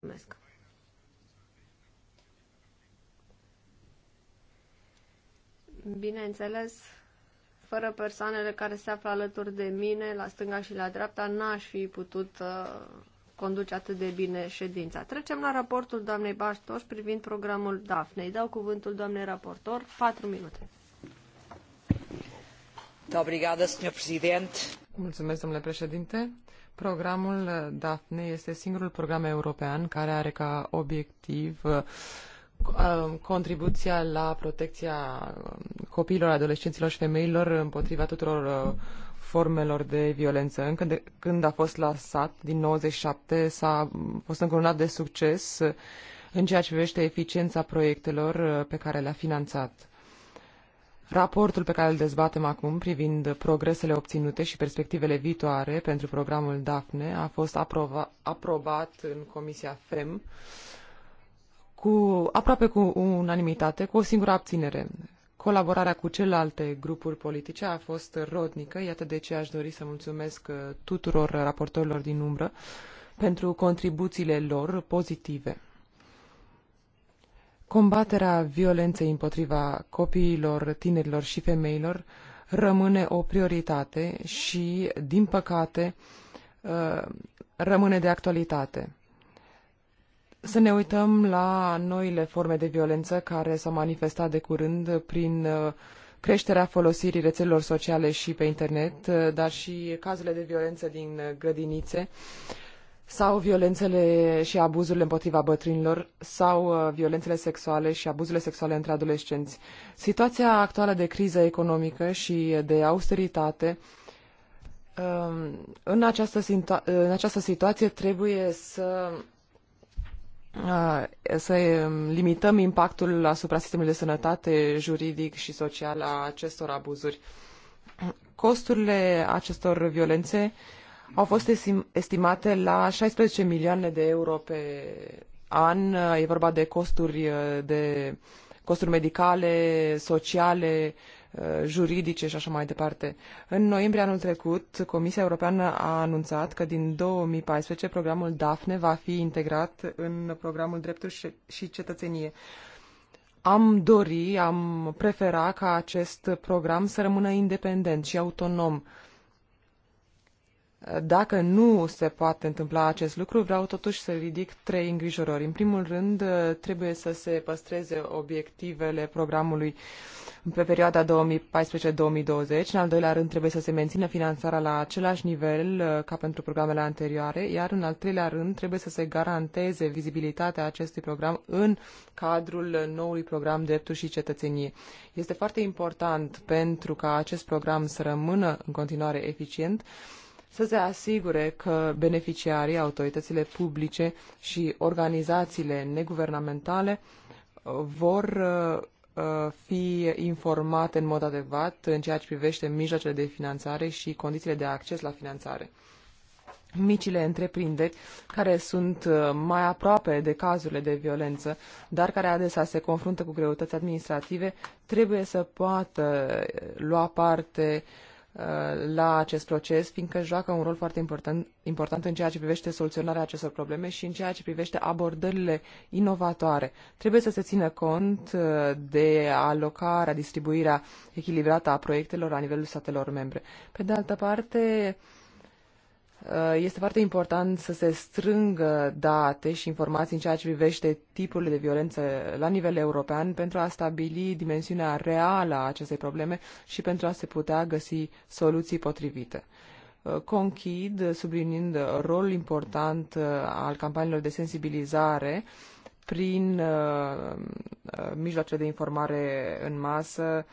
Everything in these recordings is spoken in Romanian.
Mulțumesc. Bineînțeles, fără persoanele care se află alături de mine, la stânga și la dreapta, n-aș fi putut uh, conduce atât de bine ședința. Trecem la raportul doamnei Baștoș privind programul DAFNE. Îi dau cuvântul doamnei raportor, 4 minute. Da, obrigada, senhor Presidente. Mulțumesc, domnule președinte. Programul uh, DAFNE este singurul program european care are ca obiectiv uh, uh, contribuția la protecția um, copiilor, adolescenților și femeilor împotriva tuturor formelor de violență. Încă de când a fost lansat, din 97, s-a mm, fost încununat de succes în ceea ce privește eficiența proiectelor pe care le-a finanțat. Raportul pe care îl dezbatem acum privind progresele obținute și perspectivele viitoare pentru programul DAFNE a fost aprova, aprobat în Comisia FEM cu, aproape cu unanimitate, cu o singură abținere. Colaborarea cu celelalte grupuri politice a fost rodnică, iată de ce aș dori să mulțumesc uh, tuturor raportorilor din umbră pentru contribuțiile lor pozitive. Combaterea violenței împotriva copiilor, tinerilor și femeilor rămâne o prioritate și, din păcate, uh, rămâne de actualitate. Să ne uităm la noile forme de violență care s-au manifestat de curând prin uh, creșterea folosirii rețelelor sociale și pe internet, uh, dar și cazurile de violență din grădinițe. Uh, sau violențele și abuzurile împotriva bătrânilor, sau uh, violențele sexuale și abuzurile sexuale între adolescenți. Situația actuală de criză economică și de austeritate um, în această, situa- în această situație trebuie să uh, să um, limităm impactul asupra sistemului de sănătate juridic și social a acestor abuzuri. Costurile acestor violențe uh, au fost estimate la 16 milioane de euro pe an. E vorba de costuri, uh, de costuri medicale, sociale, uh, juridice și așa mai departe. În noiembrie anul trecut, Comisia Europeană a anunțat că din 2014 programul DAFNE va fi integrat în programul Drepturi și Cetățenie. Am dori, am prefera ca acest program să rămână independent și autonom dacă nu se poate întâmpla acest lucru, vreau totuși să ridic trei îngrijorări. În primul rând, trebuie să se păstreze obiectivele programului pe perioada 2014-2020. În al doilea rând, trebuie să se mențină finanțarea la același nivel uh, ca pentru programele anterioare, iar în al treilea rând, trebuie să se garanteze vizibilitatea acestui program în cadrul noului program Drepturi și Cetățenie. Este foarte important pentru ca acest program să rămână în continuare eficient să se asigure că beneficiarii, autoritățile publice și organizațiile neguvernamentale uh, vor uh, uh, fi informate în mod adecvat în ceea ce privește mijloacele de finanțare și condițiile de acces la finanțare. Micile întreprinderi care sunt mai aproape de cazurile de violență, dar care adesea se confruntă cu greutăți administrative, trebuie să poată lua parte uh, Uh, la acest proces, fiindcă joacă un rol foarte important, important în ceea ce privește soluționarea acestor probleme și în ceea ce privește abordările inovatoare. Trebuie să se țină cont uh, de alocarea, distribuirea echilibrată a proiectelor la nivelul statelor membre. Pe de altă parte, Uh, este foarte important să se strângă date și informații în ceea ce privește tipurile de violență la nivel european pentru a stabili dimensiunea reală a acestei probleme și pentru a se putea găsi soluții potrivite. Uh, conchid, sublinind rolul important uh, al campaniilor de sensibilizare prin mijloace de informare în masă, uh,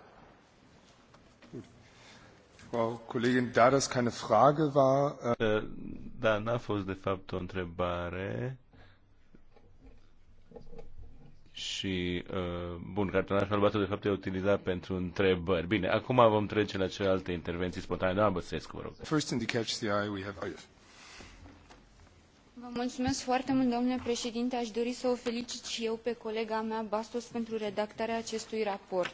Frau da das keine Frage war... Uh... Da, n-a fost de fapt o întrebare. Și, uh, bun, cartonașul albastru de fapt e utilizat pentru întrebări. Bine, acum vom trece la celelalte intervenții spontane. Doamna Băsescu, vă rog. First in the catch the eye we have... Oh, yes. Vă mulțumesc foarte mult, domnule președinte. Aș dori să o felicit și eu pe colega mea, Bastos, pentru redactarea acestui raport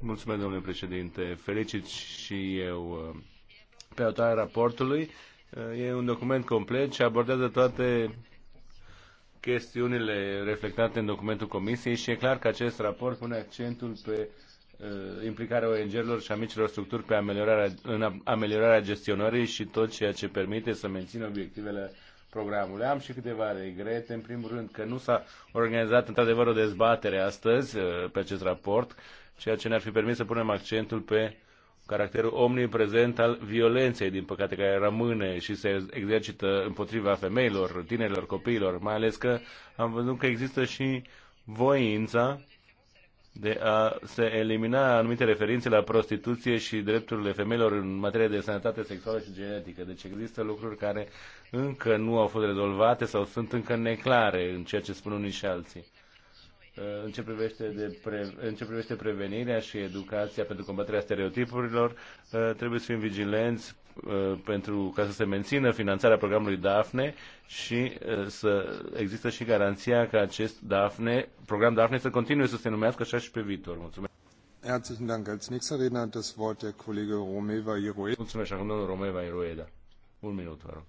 Mulțumesc, domnule președinte. Felicit și eu uh, pe autoarea raportului. Uh, e un document complet și abordează toate chestiunile reflectate în documentul Comisiei și e clar că acest raport pune accentul pe uh, implicarea ONG-urilor și a micilor structuri pe ameliorarea, în ameliorarea gestionării și tot ceea ce permite să mențină obiectivele programul. Am și câteva regrete. În primul rând că nu s-a organizat într-adevăr o dezbatere astăzi uh, pe acest raport, ceea ce ne-ar fi permis să punem accentul pe caracterul omniprezent al violenței, din păcate, care rămâne și se exercită împotriva femeilor, tinerilor, copiilor, mai ales că am văzut că există și voința de a se elimina anumite referințe la prostituție și drepturile femeilor în materie de sănătate sexuală și genetică. Deci există lucruri care încă nu au fost rezolvate sau sunt încă neclare în ceea ce spun unii și alții. Uh, în ce, privește de pre, în ce privește prevenirea și educația pentru combaterea stereotipurilor, uh, trebuie să fim vigilenți Uh, pentru ca să se mențină finanțarea programului DAFNE și uh, să există și garanția că acest DAFNE, program DAFNE să continue să se numească așa și pe viitor. Mulțumesc. Herzlichen Dank. Als nächster Redner das Wort der Kollege Romeva Irueda. Mulțumesc, domnul Romeva Irueda. Un minut, vă rog.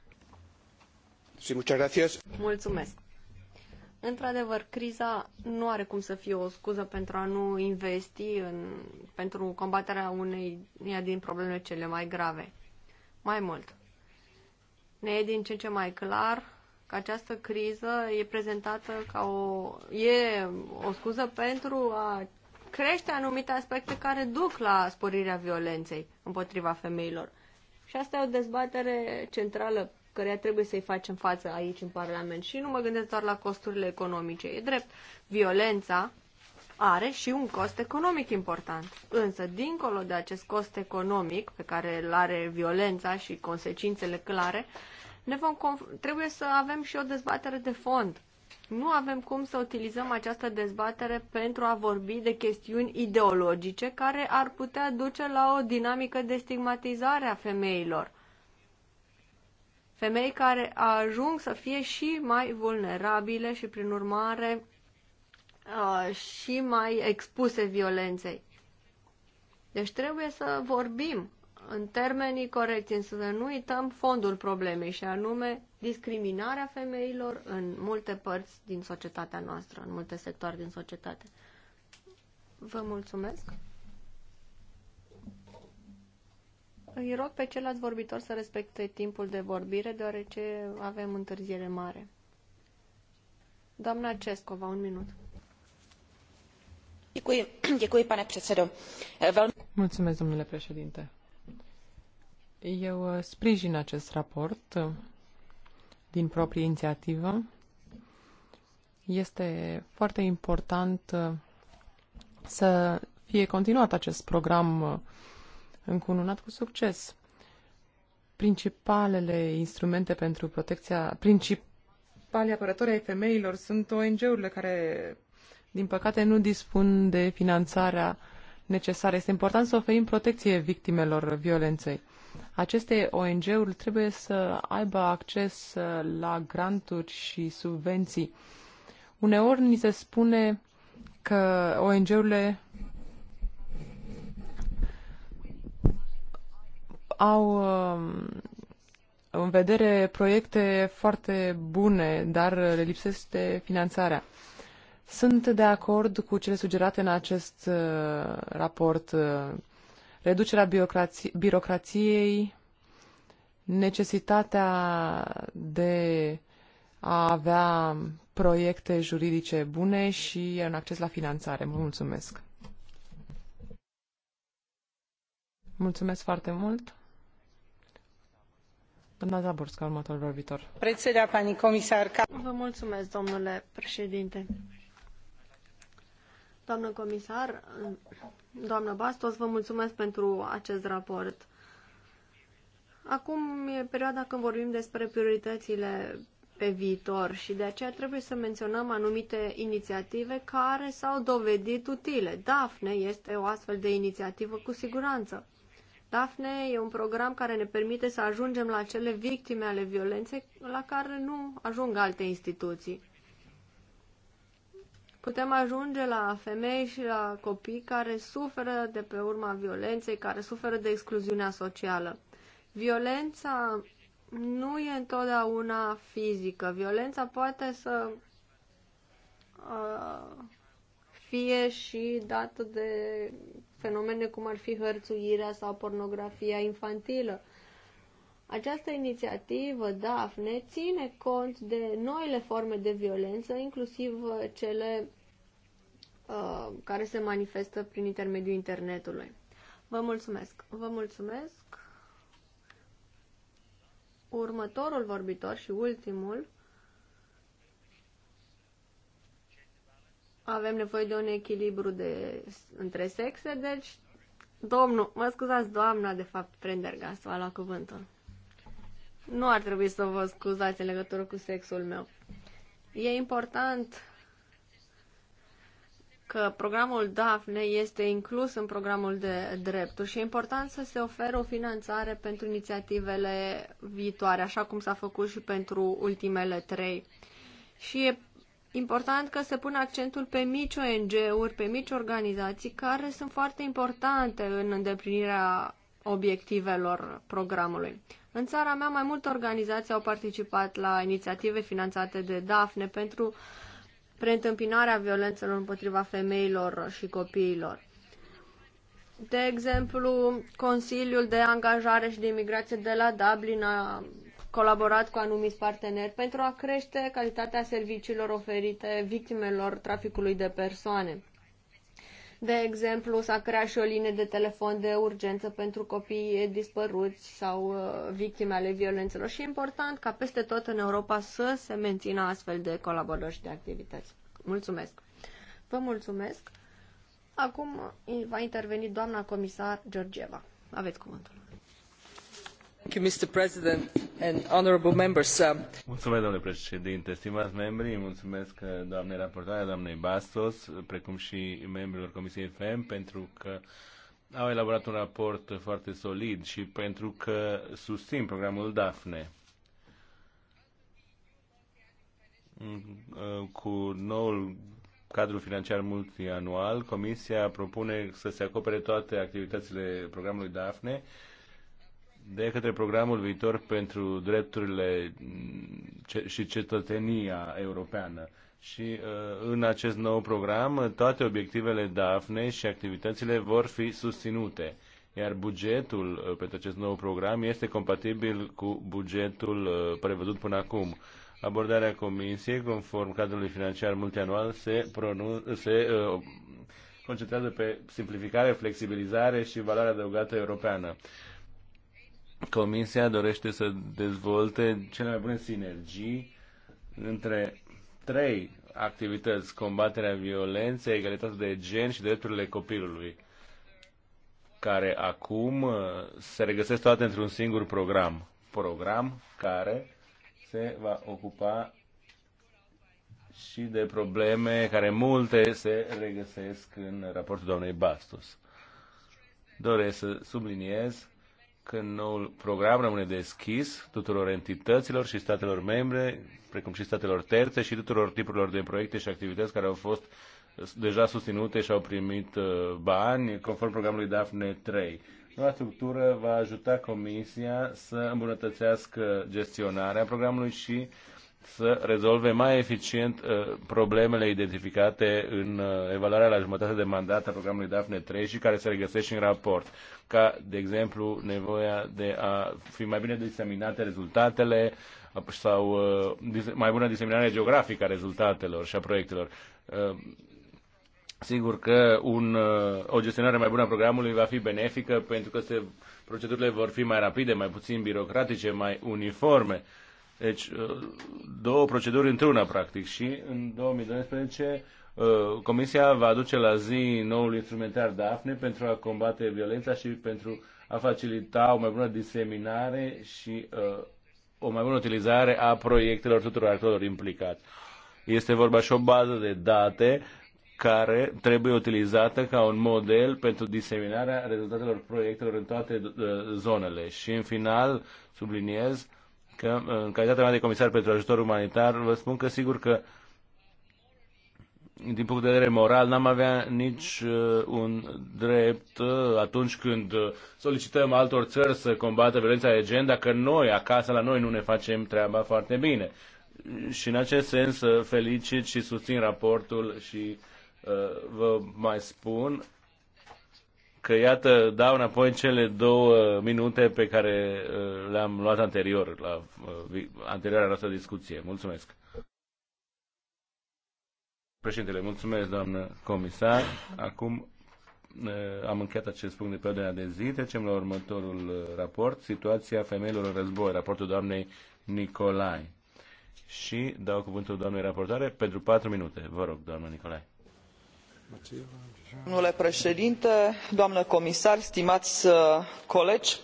Și muchas gracias. Mulțumesc. Într-adevăr, criza nu are cum să fie o scuză pentru a nu investi în, pentru combaterea unei din problemele cele mai grave. Mai mult, ne e din ce în ce mai clar că această criză e prezentată ca o, e o scuză pentru a crește anumite aspecte care duc la sporirea violenței împotriva femeilor. Și asta e o dezbatere centrală care trebuie să-i facem față aici în Parlament. Și nu mă gândesc doar la costurile economice. E drept, violența are și un cost economic important. Însă, dincolo de acest cost economic pe care îl are violența și consecințele clare, ne vom trebuie să avem și o dezbatere de fond. Nu avem cum să utilizăm această dezbatere pentru a vorbi de chestiuni ideologice care ar putea duce la o dinamică de stigmatizare a femeilor. Femei care ajung să fie și mai vulnerabile și, prin urmare, uh, și mai expuse violenței. Deci trebuie să vorbim în termenii corecți, însă să nu uităm fondul problemei și anume discriminarea femeilor în multe părți din societatea noastră, în multe sectoare din societate. Vă mulțumesc! Îi rog pe celălalt vorbitor să respecte timpul de vorbire, deoarece avem întârziere mare. Doamna Cescova, un minut. Eh, Mulțumesc, președinte. Eu eh, sprijin acest raport eh, din proprie iniiativă. Este foarte important să fie continuat acest program încununat cu succes. Principalele instrumente pentru protecția, principalii apărători ai femeilor sunt ONG-urile care din păcate, nu dispun de finanțarea necesară. Este important să oferim protecție victimelor violenței. Aceste ONG-uri trebuie să aibă acces la granturi și subvenții. Uneori ni se spune că ONG-urile au um, în vedere proiecte foarte bune, dar le lipsește finanțarea. Sunt de acord cu cele sugerate în acest uh, raport. Uh, reducerea birocrației, necesitatea de a avea proiecte juridice bune și un acces la finanțare. Vă mulțumesc! Mulțumesc foarte mult! Doamna Zaborska, următorul vorbitor. Prețelea, pani comisar. Vă mulțumesc, domnule președinte. Doamnă comisar, doamnă Bastos, vă mulțumesc pentru acest raport. Acum e perioada când vorbim despre prioritățile pe viitor și de aceea trebuie să menționăm anumite inițiative care s-au dovedit utile. DAFNE este o astfel de inițiativă cu siguranță. DAFNE e un program care ne permite să ajungem la cele victime ale violenței la care nu ajung alte instituții putem ajunge la femei și la copii care suferă de pe urma violenței, care suferă de excluziunea socială. Violența nu e întotdeauna fizică. Violența poate să uh, fie și dată de fenomene cum ar fi hărțuirea sau pornografia infantilă. Uh, această inițiativă DAFNE ține cont de noile forme de violență, inclusiv uh, cele uh, care se manifestă prin intermediul internetului. Vă mulțumesc! Vă mulțumesc! Următorul vorbitor și ultimul avem nevoie de un echilibru de, între sexe, deci domnul, mă scuzați, doamna, de fapt, Prendergast, va luat cuvântul. Nu ar trebui să vă scuzați în legătură cu sexul meu. E important că programul DAFNE este inclus în programul de drepturi și e important să se ofere o finanțare pentru inițiativele viitoare, așa cum s-a făcut și pentru ultimele trei. Și e important că se pune accentul pe mici ONG-uri, pe mici organizații care sunt foarte importante în îndeplinirea obiectivelor programului. În țara mea, mai multe organizații au participat la inițiative finanțate de DAFNE pentru preîntâmpinarea violențelor împotriva femeilor și copiilor. De exemplu, Consiliul de Angajare și de Imigrație de la Dublin a colaborat cu anumiți parteneri pentru a crește calitatea serviciilor oferite victimelor traficului de persoane. De exemplu, s-a creat și o linie de telefon de urgență pentru copii dispăruți sau uh, victime ale violențelor și e important ca peste tot în Europa să se mențină astfel de colaborări și de activități. Mulțumesc! Vă mulțumesc! Acum va interveni doamna comisar Georgieva. Aveți cuvântul. Mulțumesc, domnule președinte, stimați membri, mulțumesc uh, doamnei raportoare, doamnei Bastos, precum și membrilor Comisiei femm pentru că au elaborat un raport foarte solid și pentru că susțin programul DAFNE. Mm, uh, cu noul cadru financiar multianual, Comisia propune să se acopere toate activitățile programului DAFNE de către programul viitor pentru drepturile și cetățenia europeană. Și uh, în acest nou program, toate obiectivele DAFNE și activitățile vor fi susținute, iar bugetul uh, pentru acest nou program este compatibil cu bugetul uh, prevăzut până acum. Abordarea Comisiei, conform cadrului financiar multianual, se, pronun- se uh, concentrează pe simplificare, flexibilizare și valoarea adăugată europeană. Comisia dorește să dezvolte cele mai bune sinergii între trei activități, combaterea violenței, egalitatea de gen și drepturile copilului, care acum uh, se regăsesc toate într-un singur program. Program care se va ocupa și de probleme care multe se regăsesc în raportul doamnei Bastos. Doresc să subliniez că noul program rămâne deschis tuturor entităților și statelor membre, precum și statelor terțe și tuturor tipurilor de proiecte și activități care au fost deja susținute și au primit uh, bani conform programului DAFNE 3. Noua structură va ajuta Comisia să îmbunătățească gestionarea programului și să rezolve mai eficient uh, problemele identificate în uh, evaluarea la jumătate de mandat a programului DAFNE 3 și care se regăsește în raport, ca, de exemplu, nevoia de a fi mai bine diseminate rezultatele uh, sau mai bună diseminare geografică a rezultatelor și a proiectelor. Sigur că un, o gestionare mai bună a programului va fi benefică pentru că se, procedurile vor fi mai rapide, mai puțin birocratice, mai uniforme deci, uh, două proceduri într-una, practic. Și în 2012 uh, Comisia va aduce la zi noul instrumentar DAFNE pentru a combate violența și pentru a facilita o mai bună diseminare și uh, o mai bună utilizare a proiectelor tuturor actorilor implicați. Este vorba și o bază de date care trebuie utilizată ca un model pentru diseminarea rezultatelor proiectelor în toate zonele. Și în final subliniez uh, că, uh, în calitatea mea de comisar pentru ajutor umanitar, vă spun că sigur că din punct de vedere moral, n-am avea nici uh, un drept uh, atunci când uh, solicităm altor țări să combată violența de gen, dacă noi, acasă la noi, nu ne facem treaba foarte bine. Și în acest sens uh, felicit și susțin raportul și uh, vă mai spun că iată, dau înapoi cele două minute pe care uh, le-am luat anterior, la uh, anterioara noastră discuție. Mulțumesc. Președintele, mulțumesc, doamnă comisar. Acum uh, am încheiat acest punct de pe ordinea de zi. Trecem la următorul raport, situația femeilor în război, raportul doamnei Nicolai. Și dau cuvântul doamnei raportare pentru patru minute. Vă rog, doamnă Nicolai domnule preedinte doamnă comisar stimai uh, colegi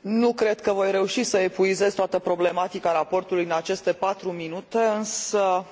nu cred că voi reui să epuizez toată problematica raportului în aceste patru minute însă